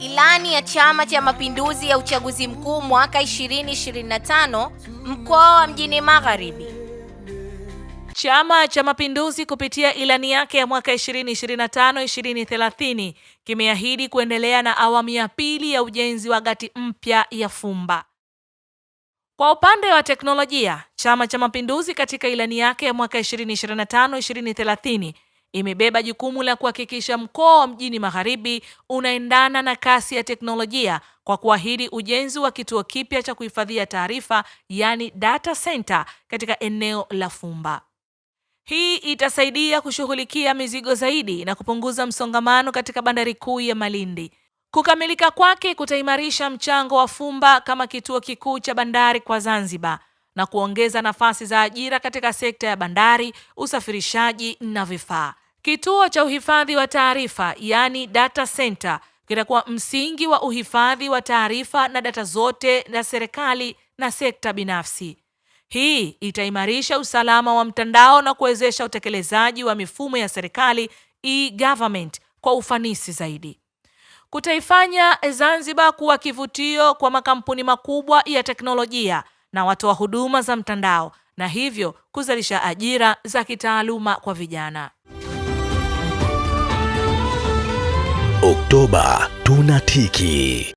Ilani ya Chama cha Mapinduzi ya uchaguzi mkuu mwaka 2025 mkoa wa Mjini Magharibi. Chama cha Mapinduzi kupitia ilani yake ya mwaka 2025-2030 kimeahidi kuendelea na awamu ya pili ya ujenzi wa gati mpya ya Fumba. Kwa upande wa teknolojia, Chama cha Mapinduzi katika ilani yake ya mwaka 2025-2030 imebeba jukumu la kuhakikisha mkoa wa Mjini Magharibi unaendana na kasi ya teknolojia kwa kuahidi ujenzi wa kituo kipya cha kuhifadhia taarifa yani data center katika eneo la Fumba. Hii itasaidia kushughulikia mizigo zaidi na kupunguza msongamano katika bandari kuu ya Malindi. Kukamilika kwake kutaimarisha mchango wa Fumba kama kituo kikuu cha bandari kwa Zanzibar na kuongeza nafasi za ajira katika sekta ya bandari, usafirishaji na vifaa. Kituo cha uhifadhi wa taarifa yaani data center kitakuwa msingi wa uhifadhi wa taarifa na data zote za serikali na sekta binafsi. Hii itaimarisha usalama wa mtandao na kuwezesha utekelezaji wa mifumo ya serikali e-government kwa ufanisi zaidi. Kutaifanya Zanzibar kuwa kivutio kwa makampuni makubwa ya teknolojia na watoa huduma za mtandao na hivyo kuzalisha ajira za kitaaluma kwa vijana. Oktoba tunatiki.